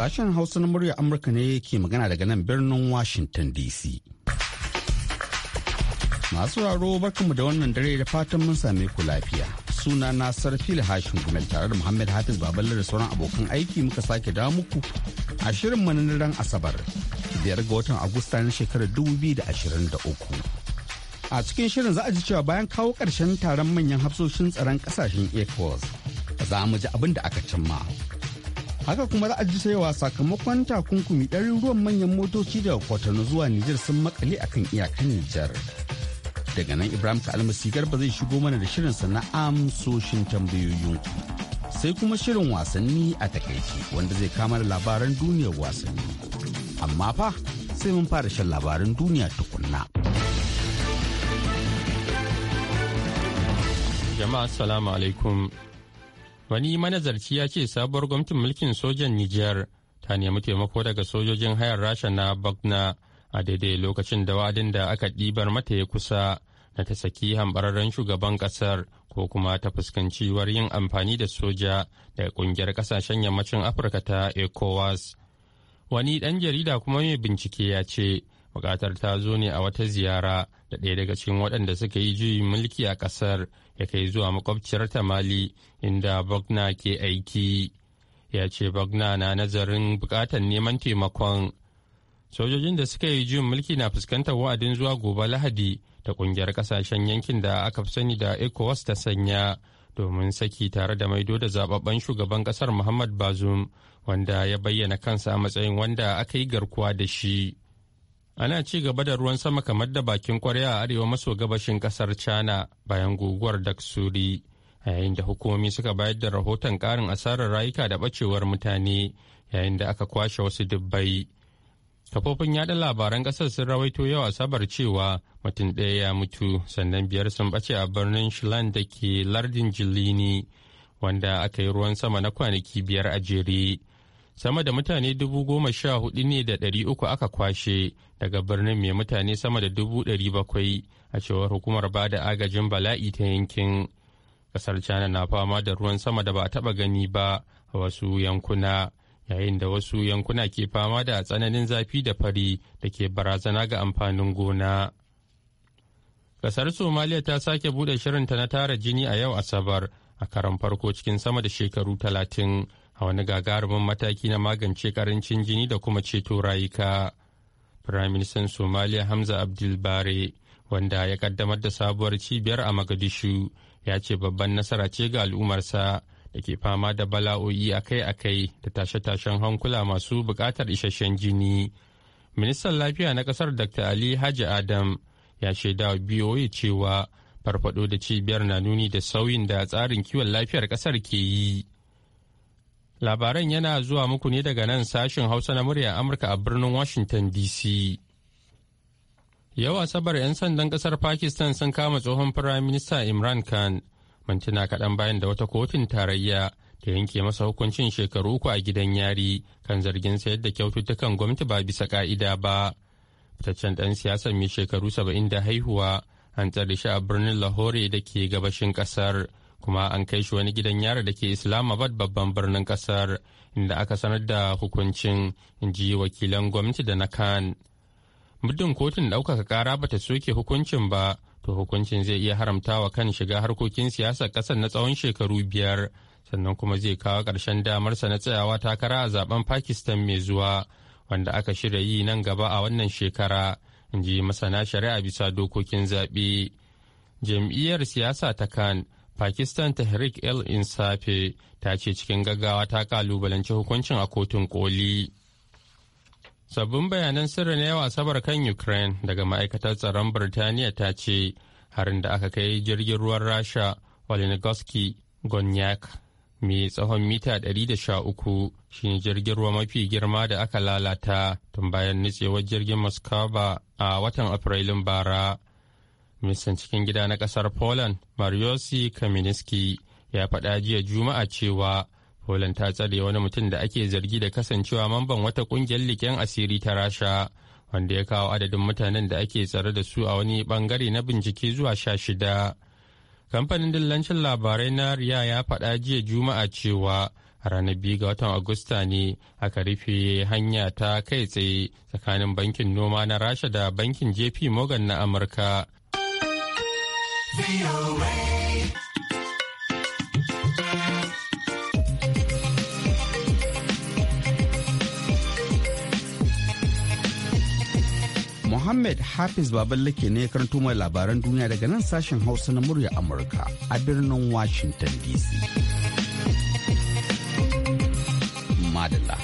Sashen Hausa na murya Amurka ne ke magana daga nan birnin Washington DC. Masu raro barkanmu da wannan dare da fatan mun same ku lafiya. Suna na Sarfil Hashim Gumel tare da Muhammad Hafiz Babalar da sauran abokan aiki muka sake da muku a shirin mananiran Asabar biyar ga watan Agusta na shekarar 2023. a cikin shirin za a ji cewa bayan kawo ƙarshen taron manyan hafsoshin tsaron ƙasashen ecowas za mu ji abin da aka cimma haka kuma za a ji sayawa sakamakon takunkumi ruwan manyan motoci daga kwatano zuwa nijar sun makale akan iyakan nijar daga nan ibrahim kalmasi garba zai shigo mana da shirinsa na amsoshin tambayoyin sai kuma shirin wasanni a takaici wanda zai kama da labaran duniyar wasanni amma fa sai mun fara shan labaran duniya tukunna jama'a assalamu alaikum Wani manazarci ya ce sabuwar gwamnatin mulkin sojan Nijar ta nemi taimako daga sojojin hayar Rasha na Bagna a daidai lokacin da wadin da aka ɗibar mata ya kusa na ta saki hambararren shugaban ƙasar ko kuma ta fuskanci yin amfani da soja daga ƙungiyar ƙasashen yammacin Afirka ta ECOWAS. Wani ɗan jarida kuma mai bincike ya ce buƙatar ta zo ne a wata ziyara da ɗaya daga cikin waɗanda suka yi juyin mulki a ƙasar ya kai zuwa makwabciyar ta mali inda bagna ke aiki ya ce bagna na nazarin buƙatar neman taimakon sojojin da suka yi juyin mulki na fuskantar wa'adin zuwa gobe lahadi da ƙungiyar ƙasashen yankin da aka fi sani da ecowas ta sanya domin saki tare da maido da zababben shugaban ƙasar muhammad bazum wanda ya bayyana kansa a matsayin wanda aka yi garkuwa da shi. ana ci gaba da ruwan sama kamar da bakin kwarya a arewa maso gabashin kasar china bayan guguwar daksuri a yayin da hukumomi suka bayar da rahoton karin asarar rayuka da bacewar mutane yayin da aka kwashe wasu dubbai kafofin yada labaran kasar sun rawaito yau asabar cewa mutum ɗaya ya mutu sannan biyar sun ɓace a birnin shilan da ke lardin jilini wanda aka yi ruwan sama na kwanaki biyar a jere sama da mutane dubu goma sha hudu ne da ɗari uku aka kwashe daga birnin mai mutane sama da dubu ɗari bakwai a cewar hukumar ba da agajin bala'i ta yankin ƙasar china na fama da ruwan sama da ba a taɓa gani ba a wasu yankuna yayin da wasu yankuna ke fama da tsananin zafi da fari da ke barazana ga amfanin gona. ƙasar Somaliya ta sake bude shirinta na tara jini a yau Asabar a karan farko cikin sama da shekaru talatin a wani gagarumin mataki na magance karancin jini da kuma ceto rayuka. Firaministan Somaliya Hamza abdul bare wanda ya kaddamar da sabuwar cibiyar a Magadishu, ya ce babban nasara ce ga al'ummarsa da ke fama da bala'o'i akai-akai da tashe-tashen hankula masu buƙatar isasshen jini. Ministan Lafiya na ƙasar Dr. Ali Haji Adam ya shaida wa BOA cewa farfado da cibiyar na nuni da sauyin da tsarin kiwon lafiyar ƙasar ke yi. Labaran yana zuwa muku ne daga nan sashen Hausa na murya Amurka a birnin Washington DC. Yau Asabar 'yan sandan ƙasar Pakistan sun kama tsohon Firayim Minista Imran Khan mintuna kaɗan bayan da wata kotun tarayya ta yanke masa hukuncin shekaru uku a gidan yari kan zargin sayar da kyaututtukan gwamnati ba bisa ka'ida ba. Fitaccen ɗan siyasar mai shekaru saba'in da haihuwa an tsare shi a birnin Lahore da ke gabashin ƙasar. kuma an kai shi wani gidan yari da ke islamabad babban birnin kasar inda aka sanar da hukuncin ji wakilan gwamnati da na kan muddin kotun ɗaukaka ƙara bata soke hukuncin ba to hukuncin zai iya haramta wa kan shiga harkokin siyasar ƙasar na tsawon shekaru biyar sannan kuma zai kawo ƙarshen sa na tsayawa takara a zaben pakistan mai zuwa wanda aka shirya yi nan gaba a wannan shekara in ji masana shari'a bisa dokokin zaɓe jam'iyyar siyasa ta kan Pakistan Tehrik El Insafe ta ce cikin gaggawa ta kalubalanci hukuncin a kotun koli. Sabbin bayanan sirri na yawa sabar kan Ukraine daga ma'aikatar tsaron Birtaniya ta ce harin da aka kai jirgin ruwan Rasha Olenigoski Gonyak mai tsawon mita 113 shine jirgin ruwa mafi girma da aka lalata tun bayan nutsewar jirgin Moscow a watan Afrilun bara. ministan cikin gida na kasar poland mariosi kaminski ya faɗa jiya juma'a cewa poland ta tsare wani mutum da ake zargi da kasancewa mamban wata ƙungiyar liken asiri ta rasha wanda ya kawo adadin mutanen da ake tsare da su a wani bangare na bincike zuwa sha shida kamfanin dillancin labarai na riya ya faɗa jiya juma'a cewa a ranar biyu ga watan agusta ne aka rufe hanya ta kai tsaye tsakanin bankin noma na rasha da bankin jp morgan na amurka Muhammad Hafiz Baballake ne ya karanto mai labaran duniya daga nan sashen Hausa na murya Amurka a birnin Washington DC. Madalla.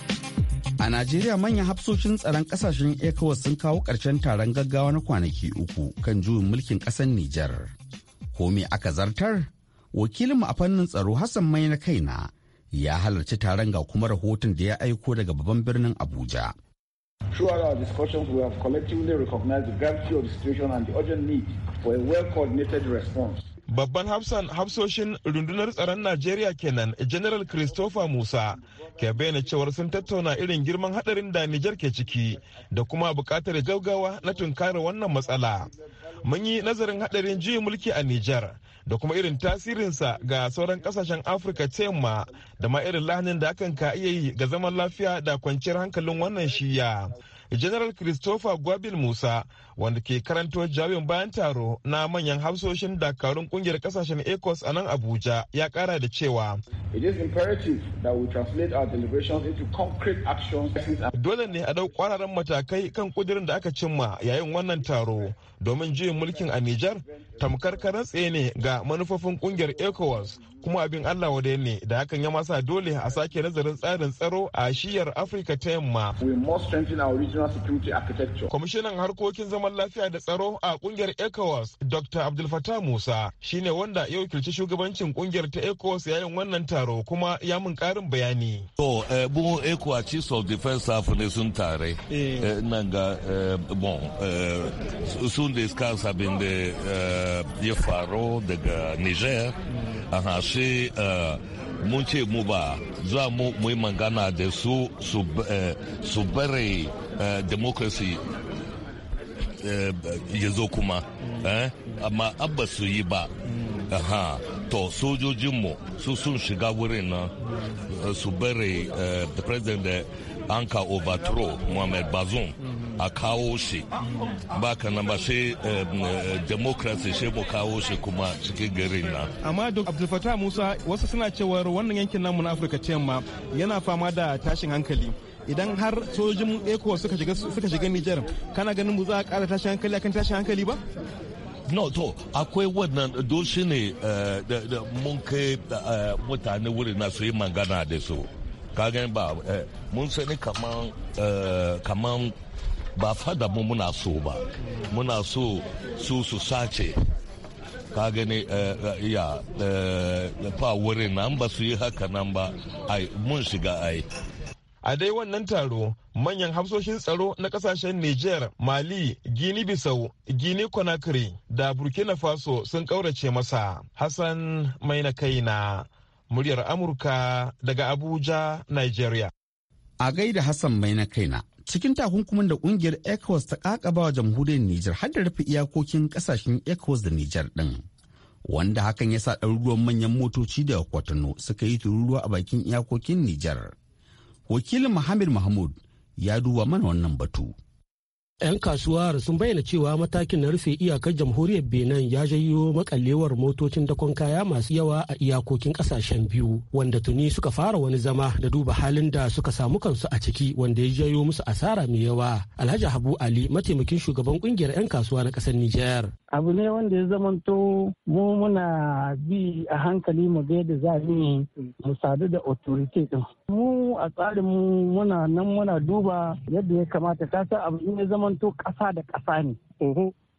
A Najeriya manyan hafsoshin tsaron kasashen ECOWAS sun kawo ƙarshen taron gaggawa na kwanaki uku kan juyin mulkin ƙasar Nijar. ko me aka zartar wakilinmu a fannin tsaro hassan mai na kaina ya halarci taron ga kuma rahoton da ya aiko daga babban birnin abuja Babban hafsan hafsoshin rundunar tsaron Najeriya kenan General Christopher Musa ke bayyana cewar sun tattauna irin girman hadarin da Nijar ke ciki da kuma bukatar gaugawa na tunkarar wannan matsala. mun yi nazarin hadarin juyin mulki a Nijar da kuma irin tasirinsa ga sauran kasashen Afirka ta yamma da ma irin lahanin da akan ka iya yi ga zaman lafiya da kwanciyar hankalin wannan shiya. General Christopher Gwabil Musa wanda ke karanto jawabin bayan taro na manyan hafsoshin dakarun kungiyar kasashen ecos a nan abuja ya kara da cewa dole ne a dau kwararan matakai kan kudirin da aka cimma yayin wannan taro domin juyin mulkin a nijar tamkar tsaye ne ga manufofin kungiyar ecowas kuma abin allah wadai ne da hakan ya masa dole a sake nazarin tsarin tsaro a shiyar afirka ta yamma kwamishinan harkokin zama zaman lafiya da tsaro a kungiyar ECOWAS Dr. abdulfata Musa shine wanda ya wakilci shugabancin kungiyar ta ECOWAS yayin wannan taro kuma ya mun karin bayani. To, bu eh, ECOWAS Chiefs of Defense Staff ne sun tare. Eh. Eh, Nan ga bon sun iska sabin da ya faro daga Niger. Mm. Aha, shi mun ce mu ba za mu yi magana da su su bari democracy Eh, ya zo kuma eh, amma abba su yi ba aha to sojojinmu su sun shiga wurin nan eh, su bari the president an ka overthrow muhammad bazoum a kawo shi ba ka na ba democracy shi mu kawo shi kuma cikin garin nan amma duk abdulfatah musa wasu suna cewar wannan yankin namu na afirka ce yamma yana fama da tashin hankali idan har sojojin Eko suka shiga nijar kana ganin mu za a kara tashi hankali akan tashi hankali ba no to akwai wannan doshi ne eh, mun kai eh, mutane wuri na su yi magana da su kagan ba eh, mun sani kaman kaman ba fada mu muna so ba muna so su su sace ka gani ya fa wurin nan ba su yi haka nan ba ai mun shiga ai a dai wannan taro manyan hafsoshin tsaro na kasashen niger mali gini bisau gini conakry da burkina faso sun ƙaurace masa hassan mai na kaina muryar amurka daga abuja nigeria a gaida hassan mai na kaina cikin takunkumin da kungiyar ecowas ta kakaba wa jamhuriyar niger har da rufe iyakokin kasashen ecowas da niger din wanda hakan ya sa ɗaruruwan manyan motoci da kwatano suka yi tururuwa a bakin iyakokin niger wakilin Muhammad Mahmud ya duba mana wannan batu. 'Yan kasuwar sun bayyana cewa matakin na rufe iyakar jamhuriyar Benin ya janyo makallewar motocin dakon kaya masu yawa a iyakokin kasashen biyu wanda tuni suka fara wani zama da duba halin da suka samu kansu a ciki wanda ya jayo musu asara mai yawa. Alhaji Habu Ali mataimakin shugaban kungiyar 'yan kasuwa na kasar Nijar. Abu ne wanda ya zamanto mu muna bi a hankali mu ga yadda za mu mu sadu da authority din. Mu a tsarin mu muna nan muna duba yadda ya kamata kasa abu ne zama zamanto ƙasa da ƙasa ne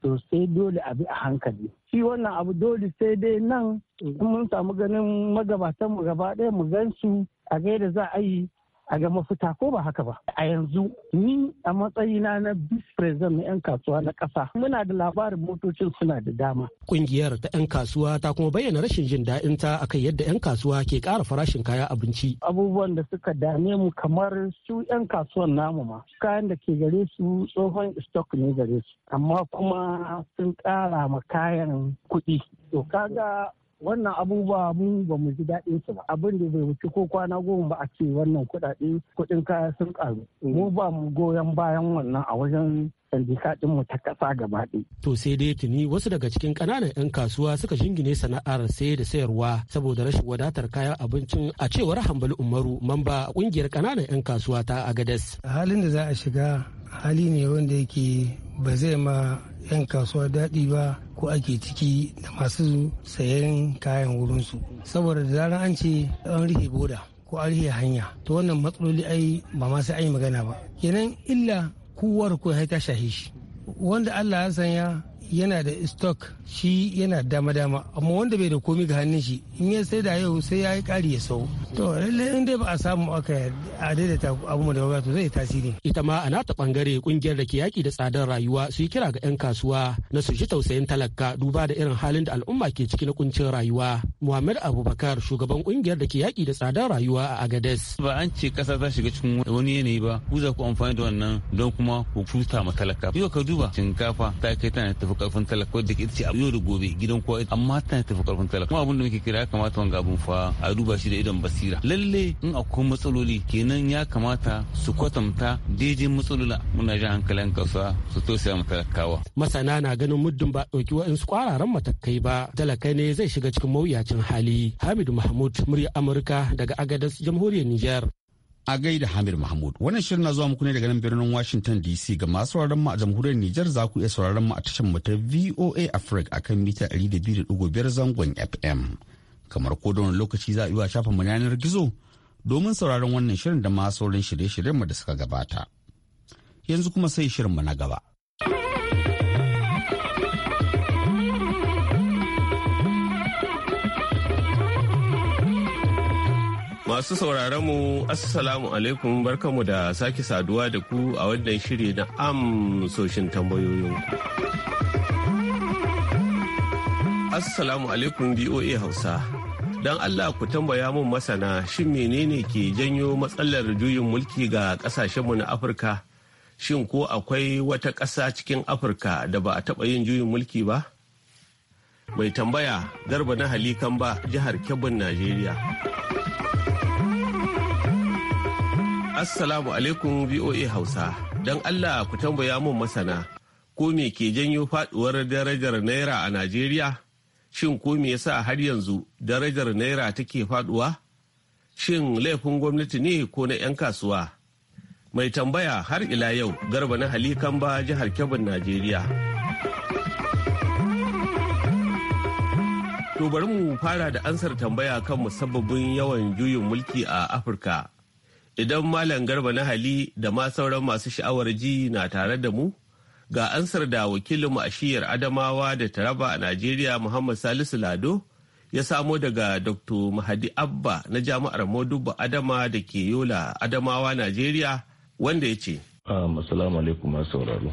to sai dole a bi a hankali shi wannan abu dole sai dai nan mun samu ganin magabatan mu gaba ɗaya mu gan su a ga yadda za a yi a ga mafita ko ba haka ba a yanzu ni a matsayina na vice president na 'yan kasuwa na ƙasa muna da labarin motocin suna da dama kungiyar ta 'yan kasuwa ta kuma bayyana rashin jin daɗin ta akan yadda 'yan kasuwa ke ƙara farashin kaya abinci abubuwan da suka dame mu kamar su 'yan kasuwan namu ma kayan da ke gare su tsohon stock ne gare su amma kuma sun ƙara ma kayan kuɗi to kaga wannan abubuwa mu ba mu ji daɗin su ba abin da bai wuce ko kwana goma ba a ce wannan kuɗaɗe kuɗin kaya sun karu mm. mu ba mu goyon bayan wannan a wajen sandika mu ta ƙasa gaba ɗaya. To sai dai tuni wasu daga cikin ƙananan 'yan kasuwa suka shingine sana'ar sai da sayarwa saboda rashin wadatar kayan abincin a cewar hambal Umaru mamba ƙungiyar ƙananan 'yan kasuwa ta Agades. Halin da za a shiga hali ne wanda yake ba zai ma 'yan kasuwa daɗi ba ko ake ciki da masu sayan kayan wurinsu saboda da zarar an ce an rike boda ko an rike hanya to wannan matsaloli ai ba ma sai an yi magana ba kenan illa kowar ko ya ta shahe shi wanda allah ya sanya yana da stock shi yana dama-dama amma wanda bai da komi ga hannun shi in ya sai da yau sai ya yi ƙari ya sau to lallai in dai ba a samu aka a daidaita abu da to zai tasiri ita ma a nata bangare kungiyar da ke yaki da tsadar rayuwa su yi kira ga 'yan kasuwa na su shi tausayin talaka duba da irin halin da al'umma ke ciki na kuncin rayuwa muhammad abubakar shugaban kungiyar da ke yaki da tsadar rayuwa a agades ba an ce kasa ta shiga cikin wani yanayi ba ku za ku amfani da wannan don kuma ku futa ma talaka yau ka duba shinkafa ta kai tana tafi karfin talaka wadda ke ce yau da gobe gidan kowa amma tana tafi karfin talaka kuma abinda muke kira ya kamata wanga abun fa a duba shi da idon basira lalle in akwai matsaloli kenan ya kamata su kwatanta daidai matsaloli muna jan hankalin kasuwa su tausaya ma talakawa masana na ganin muddin ba ɗauki waɗansu kwararan matakai ba talaka ne zai shiga cikin mawuyacin hali hamidu mahmud murya amurka daga agadas jamhuriyar niger a da Hamid Mahmud. Wannan shirin na zuwa muku ne daga nan birnin Washington DC ga masu sauraron mu a jamhuriyar Nijar za ku iya sauraron mu a tashar mu ta VOA Africa akan mita 200.5 zangon FM. Kamar ko da wani lokaci za a wa shafin mu yanar gizo domin sauraron wannan shirin da masu sauran shirye-shiryen mu da suka gabata. Yanzu kuma sai shirin mu na gaba. Masu sauraron mu Assalamu alaikum barkamu da sake saduwa da ku a wannan shiri na amsoshin tambayoyin. ku. Assalamu alaikum BOA Hausa. Don Allah ku tambaya mun masana shin menene ke janyo matsalar juyin mulki ga kasashenmu na Afirka? Shin ko akwai wata ƙasa cikin Afirka da ba a taɓa yin juyin mulki ba? Mai tambaya garba na halikan ba jihar Kebbin Najeriya. Assalamu alaikum BOA Hausa. Don Allah ku tambaya mun masana, ko me ke janyo faduwar darajar Naira a Najeriya? Shin ko me yasa har yanzu darajar Naira take faduwa? Shin laifin gwamnati ne ko na 'yan kasuwa? Mai tambaya har ila yau garba na halikan ba jihar Kebbi Najeriya. To bari mu fara da ansar tambaya kan musabbabin yawan juyin mulki a Afirka Idan Malam Garba na Hali da ma sauran masu sha'awar ji na tare da mu, ga ansar da wakilin a Adamawa da Taraba a Najeriya Muhammad Salisu Lado ya samo daga Dr. Mahadi Abba na Jami'ar Modubba Adama da ke Yola Adamawa Najeriya wanda ya ce. Um, assalamu alaikum masu sauraro.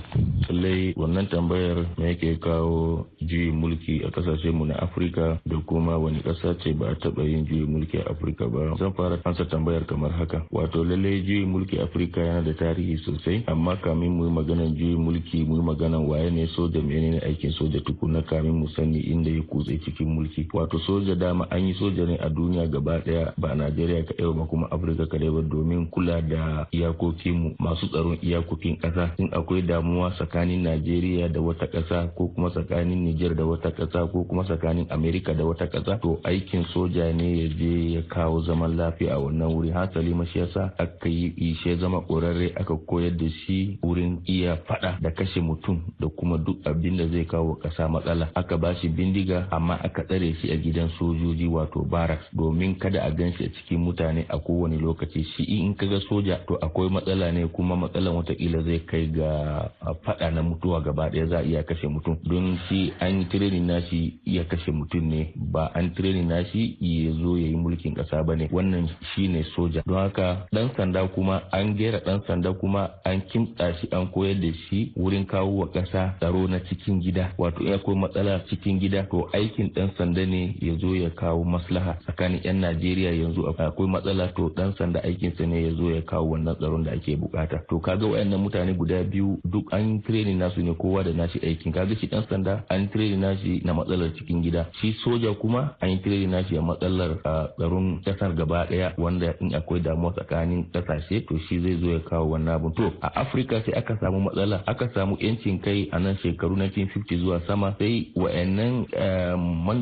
sallai wannan tambayar me yake kawo juyin mulki a kasashe mu na Afirka da kuma wani ƙasa ce ba a taɓa yin juyin mulki a Afirka ba. Zan fara ansa tambayar kamar haka. Wato lalle juyin mulki Afirka yana da tarihi sosai amma kamin mu yi maganar juyin mulki mu yi maganar waye ne soja ne aikin soja tukuna kamin mu sani inda ya kutse cikin mulki. Wato soja dama an yi soja ne a duniya gaba ɗaya ba Najeriya kaɗai ba kuma Afirka kaɗai ba domin kula da iyakokinmu masu tsaron iyakokin ƙasa in akwai damuwa tsakanin najeriya da wata ƙasa ko kuma tsakanin niger da wata ƙasa ko kuma tsakanin amerika da wata ƙasa to aikin soja ne ya je ya kawo zaman lafiya a wannan wuri hasali ma yasa aka yi ishe zama ƙorarre, aka koyar da shi wurin iya faɗa da kashe mutum da kuma duk abin da zai kawo ƙasa matsala aka ba shi bindiga amma aka tsare shi a gidan sojoji wato barracks domin kada a ganshi a cikin mutane a kowane lokaci shi in kaga soja to akwai matsala ne kuma matsalan watakila zai kai ga fada na mutuwa gaba daya za a iya kashe mutum don shi an yi nashi iya kashe mutum ne ba an training nashi ya zo ya yi mulkin kasa ba ne wannan shi ne soja don haka dan sanda kuma an gera dan sanda kuma an kimta shi an koyar da shi wurin kawo wa kasa tsaro na cikin gida wato in akwai matsala cikin gida to aikin dan sanda ne ya zo ya kawo maslaha tsakanin yan Najeriya yanzu akwai matsala to dan sanda aikinsa ne ya zo ya kawo wannan tsaron da ake bukata to kaga ga wayannan mutane guda biyu duk an training nasu ne kowa da nashi aikin kaga shi dan sanda an training nashi na matsalar cikin gida shi soja kuma an yi training nashi a matsalar tsaron kasar gaba daya wanda in akwai damuwa tsakanin kasashe to shi zai zo ya kawo wannan abun to a Afirka sai aka samu matsala aka samu yancin kai a nan shekaru 1950 zuwa sama sai wayannan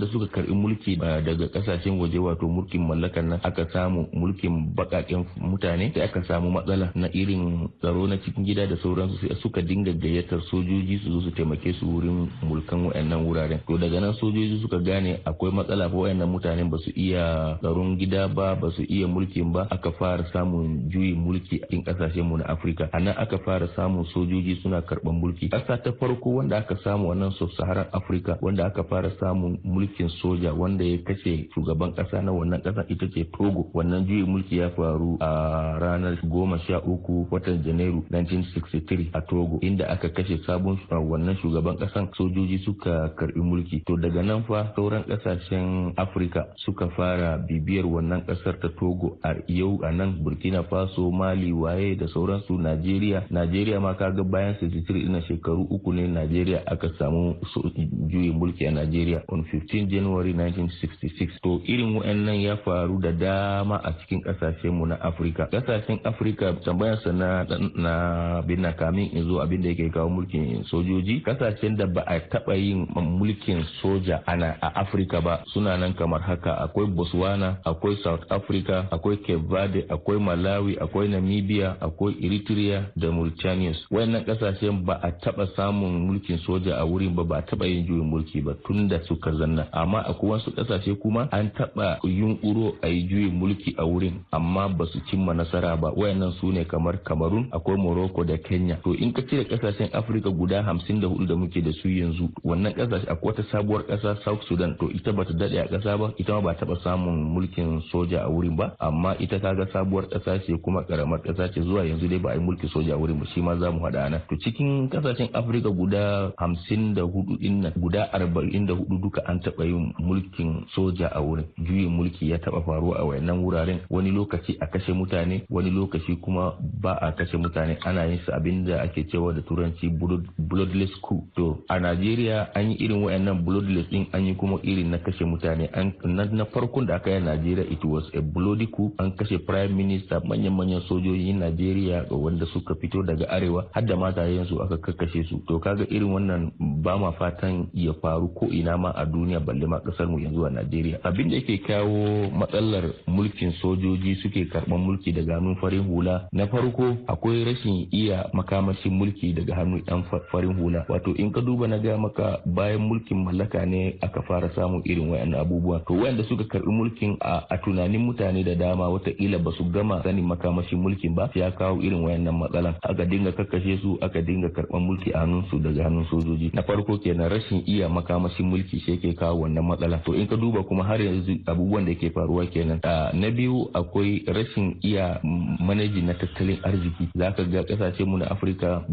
da suka karbi mulki daga kasashen waje wato mulkin mallakar nan aka samu mulkin bakaken mutane sai aka samu matsala na irin tsaro na cikin gida da sauransu sai suka dinga gayyatar sojoji su zo su taimake su wurin mulkan wayannan wuraren to daga nan sojoji suka gane akwai matsala ko wayannan mutanen ba su iya tsaron gida ba ba su iya mulkin ba aka fara samun juyin mulki a cikin kasashen mu na Afirka a nan aka fara samun sojoji suna karban mulki ƙasa ta farko wanda aka samu wannan sub-Saharan Afirka wanda aka fara samun mulkin soja wanda ya kashe shugaban ƙasa na wannan ƙasa ita ce Togo wannan juyin mulki ya faru a ranar goma sha uku watan Janairu fabrairu 1963 a togo inda aka kashe sabon wannan shugaban kasan sojoji suka karbi mulki to daga nan fa sauran kasashen afirka suka fara bibiyar wannan kasar ta togo a yau a nan burkina faso mali waye da sauransu najeriya najeriya ma kaga bayan 63 ina shekaru uku ne najeriya aka samu juyin mulki a najeriya on 15 january 1966 to irin wa'annan ya faru da dama a cikin kasashen mu na afirka kasashen afirka tambayarsa na na binna kamin in zo abin da yake kawo mulkin sojoji kasashen da ba a taba yin mulkin soja ana a afirka ba suna nan kamar haka akwai botswana akwai south africa akwai cape verde akwai malawi akwai namibia akwai eritrea da mauritania wayannan kasashen ba a taba samun mulkin soja a wurin ba ba a taba yin juyin mulki ba tun da suka zanna amma akwai wasu kasashe kuma an taba yunkuro a yi juyin mulki a wurin amma ba su cimma nasara ba wayannan su ne kamar kamarun akwai akwai morocco da kenya to in ka cire kasashen afirka guda hamsin da hudu da muke da su yanzu wannan kasashe akwai wata sabuwar kasa south sudan to ita bata daɗe a kasa ba ita ma ba taba samun mulkin soja a wurin ba amma ita ta ga sabuwar kasa ce kuma karamar kasa ce zuwa yanzu dai ba a yi mulkin soja a wurin ba shi ma za mu hada nan to cikin kasashen afirka guda hamsin da hudu din nan guda arba'in da hudu duka an taba yin mulkin soja a wurin juyin mulki ya taba faruwa a wayannan wuraren wani lokaci a kashe mutane wani lokaci kuma ba a kashe mutane mutane ana yin su abin da ake cewa da turanci bloodless coup to a najeriya an yi irin wayannan bloodless din an yi kuma irin na kashe mutane na farkon da aka yi a najeriya it was a bloody coup an kashe prime minister manyan manyan sojojin najeriya wanda suka fito daga arewa har da matayen su aka kakkashe su to kaga irin wannan ba ma fatan ya faru ko ina ma a duniya balle ma kasar mu yanzu a najeriya abin da yake kawo matsalar mulkin sojoji suke karban mulki daga hannun farin hula na farko akwai rashin iya makamashin mulki daga hannun yan farin hula wato in ka duba na ga maka bayan mulkin mallaka ne aka fara samun irin wayannan abubuwa to wayanda suka karbi mulkin a tunanin mutane da dama wataƙila ba su gama sanin makamashin mulkin ba ya kawo irin wayannan matsalan aka dinga kakkashe su aka dinga karban mulki a hannun su daga hannun sojoji na farko kenan rashin iya makamashin mulki shi yake kawo wannan matsala to in ka duba kuma har yanzu abubuwan da ke faruwa kenan na biyu akwai rashin iya manaji na tattalin arziki zaka zaka ga mu na Afirka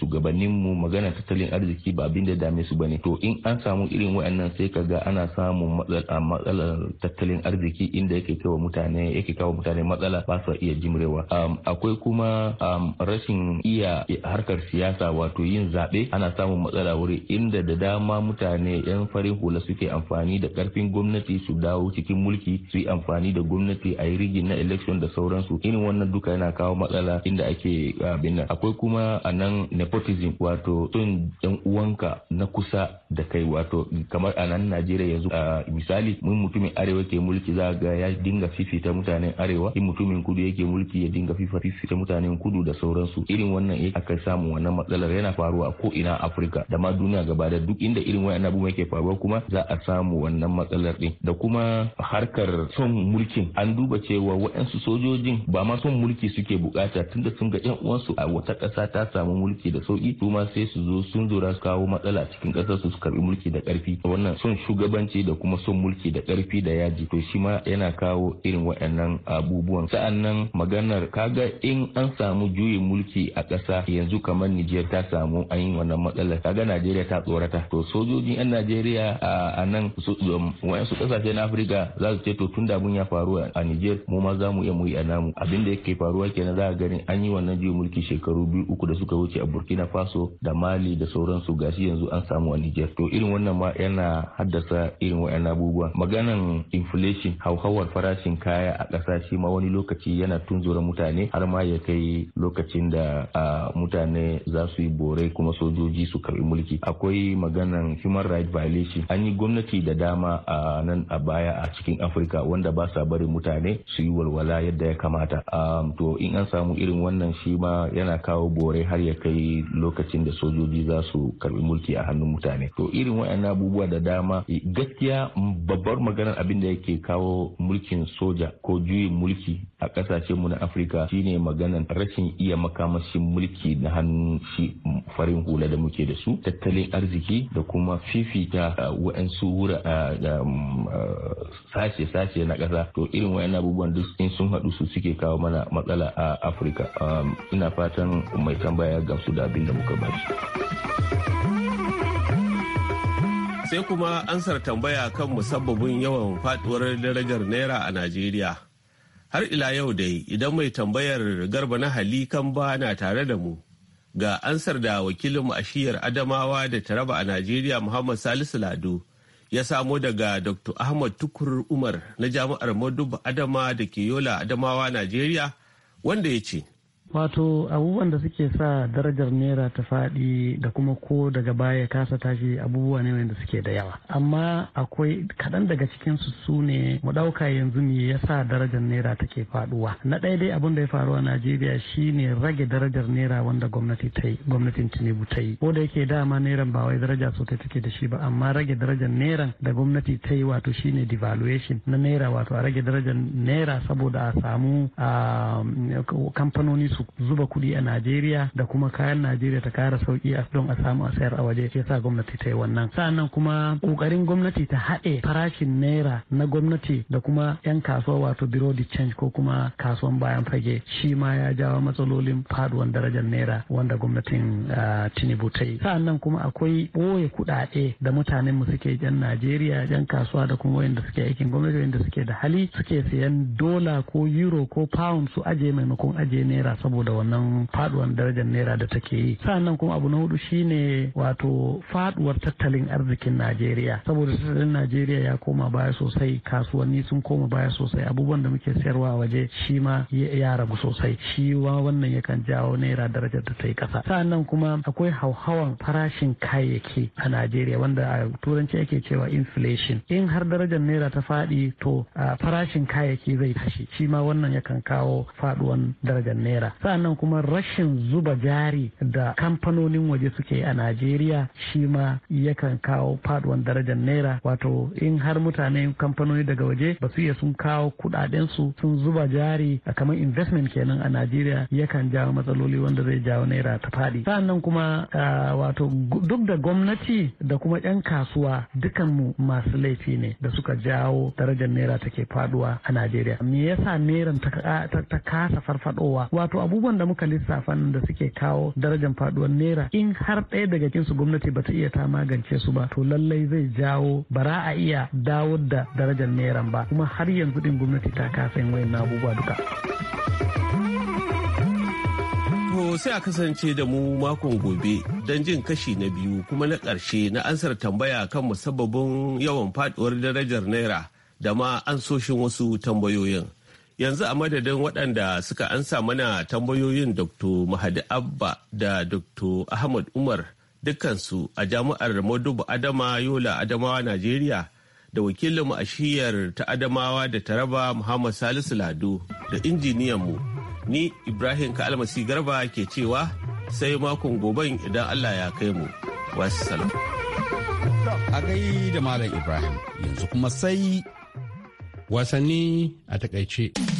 shugabannin mu magana tattalin arziki ba abin da dame su bane to in an samu irin wayannan sai ka ga ana samun matsalar tattalin arziki inda yake kawo mutane yake kawo mutane matsala ba su iya jimrewa akwai kuma rashin iya harkar siyasa wato yin zaɓe ana samun matsala wuri inda da dama mutane yan farin hula suke amfani da karfin gwamnati su dawo cikin mulki su yi amfani da gwamnati a yi rigin na election da sauransu irin wannan duka yana kawo matsala inda ake abin nan akwai kuma a nan nepotism wato son yan uwanka na kusa da kai wato kamar a nan najeriya yanzu a misali mun mutumin arewa ke mulki za ga ya dinga fifita mutanen arewa in mutumin kudu yake mulki ya dinga fifita mutanen kudu da sauransu irin wannan yake eh, aka samu wannan matsalar yana faruwa a ko ina afirka da ma duniya gaba da duk inda irin wayan abubuwan yake faruwa kuma za a samu wannan matsalar din da kuma harkar son mulkin an duba cewa waɗansu sojojin ba ma son mulki suke bukata tunda sun ga yan uwansu a wata ƙasa ta samu mulki da sauki su ma sai su zo sun zura su kawo matsala cikin ƙasar su su karbi mulki da ƙarfi wannan son shugabanci da kuma son mulki da ƙarfi da yaji to shi ma yana kawo irin waɗannan abubuwan sa'annan maganar kaga in an samu juyin mulki a ƙasa yanzu kamar Nijar ta samu an yi wannan matsala kaga Najeriya ta tsorata to sojojin 'yan Najeriya a nan um, wayansu ƙasashe na Afirka za su ce to tun da mun ya faru a Nijar mu ma za mu iya mu yi a namu abin da yake faruwa kenan za a gani an yi wannan biyu mulki shekaru biyu uku da suka wuce a burkina faso da mali da sauransu gashi yanzu an samu a niger to irin wannan ma yana haddasa irin wa'annan abubuwa maganan inflation hauhawar farashin kaya a ƙasa shi ma wani lokaci yana tunzura mutane har ma ya kai lokacin da mutane za su yi bore kuma sojoji su karbi mulki akwai maganan human rights violation an yi gwamnati da dama a nan a baya a cikin afirka wanda ba sa bari mutane su yi walwala yadda ya kamata to in an samu irin wannan shi ma yana kawo bore har ya kai lokacin da sojoji za su karbi mulki a hannun mutane to irin wayan abubuwa da dama eh, gaskiya babbar maganar abin da yake kawo mulkin soja ko juyin mulki a kasashenmu na afirka shine maganar rashin iya makamashin mulki na hannun shi farin hula da muke da su tattalin arziki da kuma fifita wa'ansu wura da sashe-sashe mm, na ƙasa to irin wayan abubuwan duk in sun haɗu su suke kawo mana matsala a afirka ina fatan mai tambaya gamsu da abin da muka ba sai kuma ansar tambaya kan musabbabin yawan faduwar darajar naira a najeriya har ila yau dai idan mai tambayar garba na hali kan ba na tare da mu ga ansar da wakilin a adamawa da taraba a najeriya muhammad salisu lado ya samo daga dr ahmad tukur umar na jami'ar maduba adama da ke yola adamawa najeriya wanda ya ce Wato abubuwan da suke sa darajar naira ta faɗi da kuma ko daga baya kasa tashi abubuwa ne wanda suke da yawa. Amma akwai kaɗan daga cikin su su mu ɗauka yanzu me sa darajar naira take faɗuwa. Na ɗaya dai abin da ya faru a Najeriya shine rage darajar naira wanda gwamnati ta yi gwamnatin Tinubu ta yi. Ko da yake dama naira ba wai daraja sosai take da shi ba amma rage darajar naira da gwamnati ta yi wato shine devaluation na naira wato a rage darajar naira saboda a samu ah, kamfanoni su zuba kuɗi a Najeriya da kuma kayan Najeriya ta kara sauki a don a samu a sayar a waje ke sa gwamnati ta yi wannan. Sa'annan kuma kokarin gwamnati ta haɗe farashin naira na gwamnati da kuma 'yan kasuwa wato biro di change ko kuma kasuwan bayan fage shi ma ya jawo matsalolin faduwan darajar naira wanda gwamnatin ah, Tinubu ta yi. Sa'annan kuma akwai ɓoye kuɗaɗe da mutanen mu suke jan Najeriya jan kasuwa da kuma wayanda suke aikin gwamnati wayanda suke da hali suke sayan dola ko euro ko pound su aje maimakon aje naira saboda wannan faduwar darajar naira da take yi sannan kuma abu na hudu shine wato faduwar tattalin arzikin Najeriya saboda tattalin Najeriya ya koma baya sosai kasuwanni sun koma baya sosai abubuwan da muke sayarwa waje shi ma ya ragu sosai shi wa wannan yakan jawo naira darajar da ta yi kasa Sannan kuma akwai hauhawan farashin kayayyaki a Najeriya wanda a turanci ake cewa inflation in har darajar naira ta faɗi to farashin kayayyaki zai tashi shi ma wannan yakan kawo faduwan darajar naira sannan kuma rashin zuba jari da kamfanonin waje suke a najeriya shi ma yakan kawo faduwan darajar naira wato in har mutane kamfanoni daga waje ba su iya sun kawo kudaden su sun zuba jari a kamar investment kenan a najeriya yakan jawo matsaloli wanda zai jawo naira ta fadi sannan kuma wato duk da gwamnati da kuma 'yan kasuwa dukan mu masu laifi ne da suka jawo darajar naira take faduwa a najeriya me yasa naira ta kasa farfadowa wato abubuwan da muka lissafa nan da suke kawo darajar faduwar naira in har ɗaya daga cikin su gwamnati bata iya ta magance su ba to lallai zai jawo bara a iya dawo da darajar naira ba kuma har yanzu din gwamnati ta kasa yin wayan abubuwa duka. To sai a kasance da mu makon gobe don jin kashi na biyu kuma na ƙarshe na ansar tambaya kan musabbabin yawan faduwar darajar naira da ma ansoshin wasu tambayoyin. yanzu a madadin waɗanda suka ansa mana tambayoyin dr mahadi abba da dr ahmad umar dukkansu a jami'ar modubu adama yola adamawa najeriya da wakilinmu a shiyar ta adamawa da taraba muhammad salisu lado da mu ni ibrahim kalmasi garba ke cewa sai makon goben idan allah ya kai mu wasu salam a gai da malam ibrahim yanzu kuma sai Wasanni a takaice.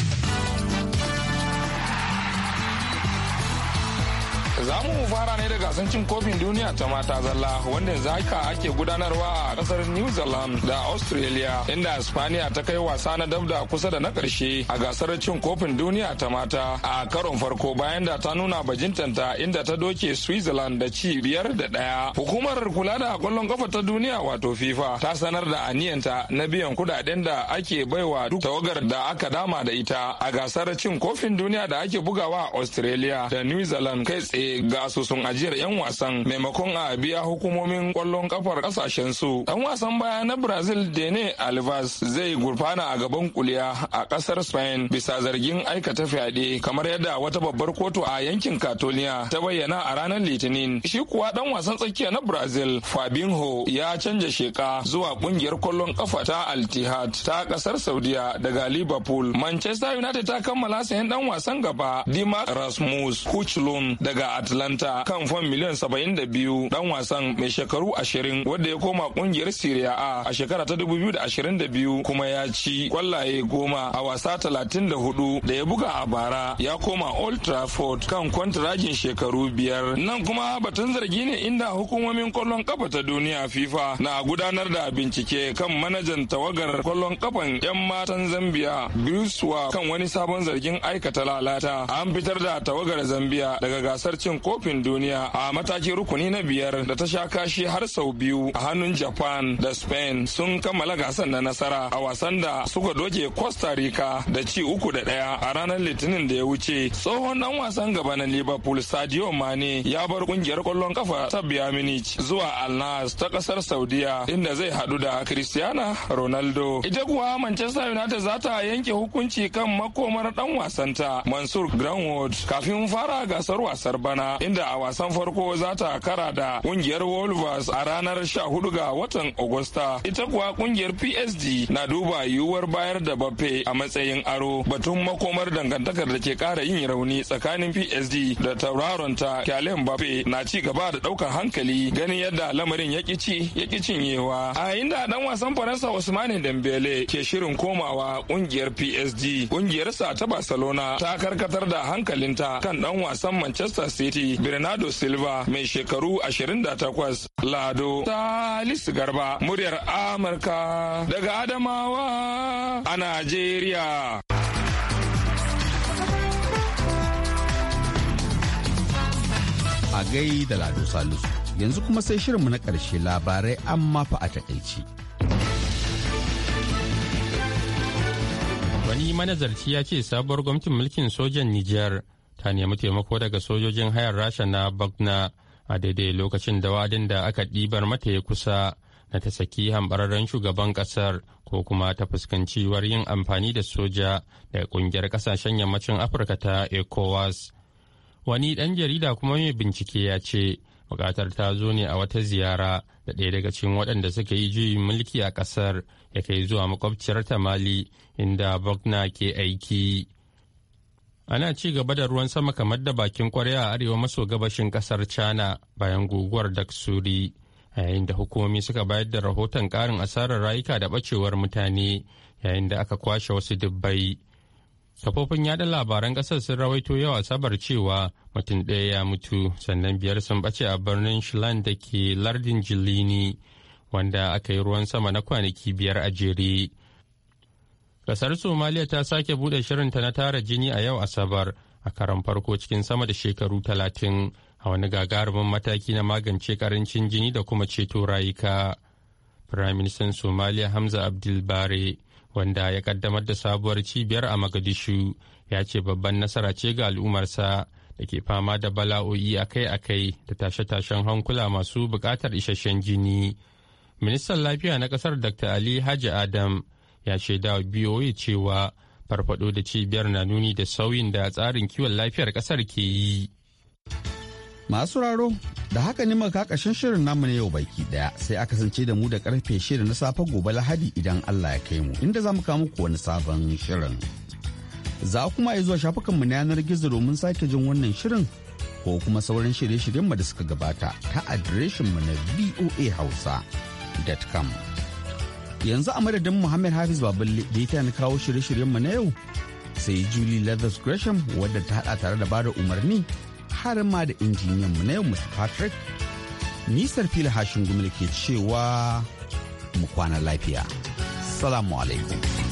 Za mu fara ne da gasar cin kofin duniya ta mata zalla wanda yanzu haka ake gudanarwa a kasar New Zealand da Australia inda Spaniya ta kai wasa na dabda kusa da na karshe a gasar cin kofin duniya ta mata a karon farko bayan da ta nuna bajintanta inda ta doke Switzerland da ci biyar da daya. Hukumar kula da kwallon kafa ta duniya wato FIFA ta sanar da aniyanta na biyan kudaden da ake baiwa duk tawagar da aka dama da ita a gasar cin kofin duniya da ake bugawa a Australia da New Zealand kai tsaye ga asusun ajiyar 'yan wasan maimakon a biya hukumomin kwallon kafar kasashen su. Dan wasan baya na Brazil Dene Alves zai gurfana a gaban kuliya a kasar Spain bisa zargin aikata fyaɗe kamar yadda wata babbar kotu a yankin Catalonia ta bayyana a ranar Litinin. Shi kuwa dan wasan tsakiya na Brazil Fabinho ya canja sheka zuwa kungiyar kwallon kafa ta Altihad ta kasar Saudiya daga Liverpool. Manchester United ta kammala sayan dan wasan gaba Dimas Rasmus Kuchlun daga atlanta kan fam miliyan 72 dan wasan mai shekaru ashirin wanda ya koma kungiyar syria a a shekara ta 2022 kuma ya ci kwallaye goma a wasa talatin da hudu da ya buga a bara ya koma old trafford kan kwantarajin shekaru biyar nan kuma batun zargi ne inda hukumomin kwallon kafa ta duniya fifa na gudanar da bincike kan manajan tawagar kwallon kafan 'yan matan zambia bruce kan wani sabon zargin aikata lalata an fitar da tawagar zambia daga gasar cin kofin duniya a matakin rukuni na biyar da ta sha kashi har sau biyu a hannun japan da spain sun kammala gasar na nasara a wasan da suka doke costa rica da ci uku da daya a ranar litinin da ya wuce tsohon dan wasan gaba na liverpool sadio mane ya bar kungiyar kwallon kafa ta Munich zuwa alnas ta kasar saudiya inda zai hadu da cristiano ronaldo ita kuwa manchester united za ta yanke hukunci kan makomar dan wasanta mansur granwood kafin fara gasar wasar bana rana inda a wasan farko za ta kara da kungiyar wolvers a ranar 14 ga watan Agusta. Ita kuwa kungiyar PSG na duba yiwuwar bayar da bape a matsayin aro batun makomar dangantakar da ke kara yin rauni tsakanin PSG da tauraron ta kyalen bape na ci gaba da daukar hankali ganin yadda lamarin ya kici ya cinyewa. A inda dan wasan Faransa Ousmane Dembele ke shirin komawa kungiyar PSG. Kungiyarsa ta Barcelona ta karkatar da hankalinta kan dan wasan Manchester City City Bernardo Silva mai shekaru 28 Lado Salisu Garba muryar Amurka daga Adamawa a Najeriya. A gai da Lado Salisu yanzu kuma sai shirinmu na ƙarshe labarai amma fa a takaici. Wani manazarci ya ce sabuwar gwamnatin mulkin sojan Nijar ta nemi taimako daga sojojin hayar rasha na bagna a daidai lokacin da wadin da aka ɗibar mata ya kusa na ta saki hambararren shugaban ƙasar ko kuma ta fuskanciwar yin amfani da soja daga ƙungiyar ƙasashen yammacin afirka ta ecowas wani ɗan jarida kuma mai bincike ya ce buƙatar ta zo ne a wata ziyara da ɗaya daga cikin waɗanda suka yi juyin mulki a ƙasar ya kai zuwa makwabciyar mali inda bagna ke aiki ana ci gaba da ruwan sama kamar da bakin kwarya a arewa maso gabashin kasar china bayan guguwar daksuri a yayin da hukumomi suka bayar da rahoton karin asarar rayuka da bacewar mutane yayin da aka kwashe wasu dubbai kafofin yada labaran kasar sun rawaito yau sabar cewa mutum ɗaya ya mutu sannan biyar sun bace a birnin shilan da ke lardin jilini wanda aka yi ruwan sama na kwanaki biyar a jere Kasar Somaliya ta sake buɗe shirinta na tara jini a yau Asabar a karan farko cikin sama da shekaru talatin a wani gagarumin mataki na magance karancin jini da kuma ceto rayuka. Firaministan Somaliya Hamza Abdulbare wanda ya kaddamar da sabuwar cibiyar a Magadishu ya ce babban nasara ce ga al'ummarsa da ke fama da bala'o'i akai-akai da tashe-tashen hankula masu bukatar isasshen jini. Ministan Lafiya na ƙasar Dr. Ali Haji Adam ya shaidawa BOA cewa farfado da cibiyar na nuni da sauyin da tsarin kiwon lafiyar kasar ke yi. Masu raro, da haka ne maka kashin shirin namu na yau baki daya sai aka sance da mu da karfe shida na safe gobe lahadi idan Allah ya kai mu inda za mu kawo muku wani sabon shirin. Za kuma yi zuwa shafukanmu na yanar gizo domin sake jin wannan shirin ko kuma sauran shirye shiryen mu da suka gabata ta adireshinmu na voahausa.com. yanzu a madadin muhammad hafiz baballe da ya na kawo shirye-shiryen mu na yau sai julie leathers gresham wadda ta haɗa tare da bada umarni har ma da injiniyan mu na yau mr patrick nisar fili hashin gumil ke cewa mu kwana lafiya salamu alaikum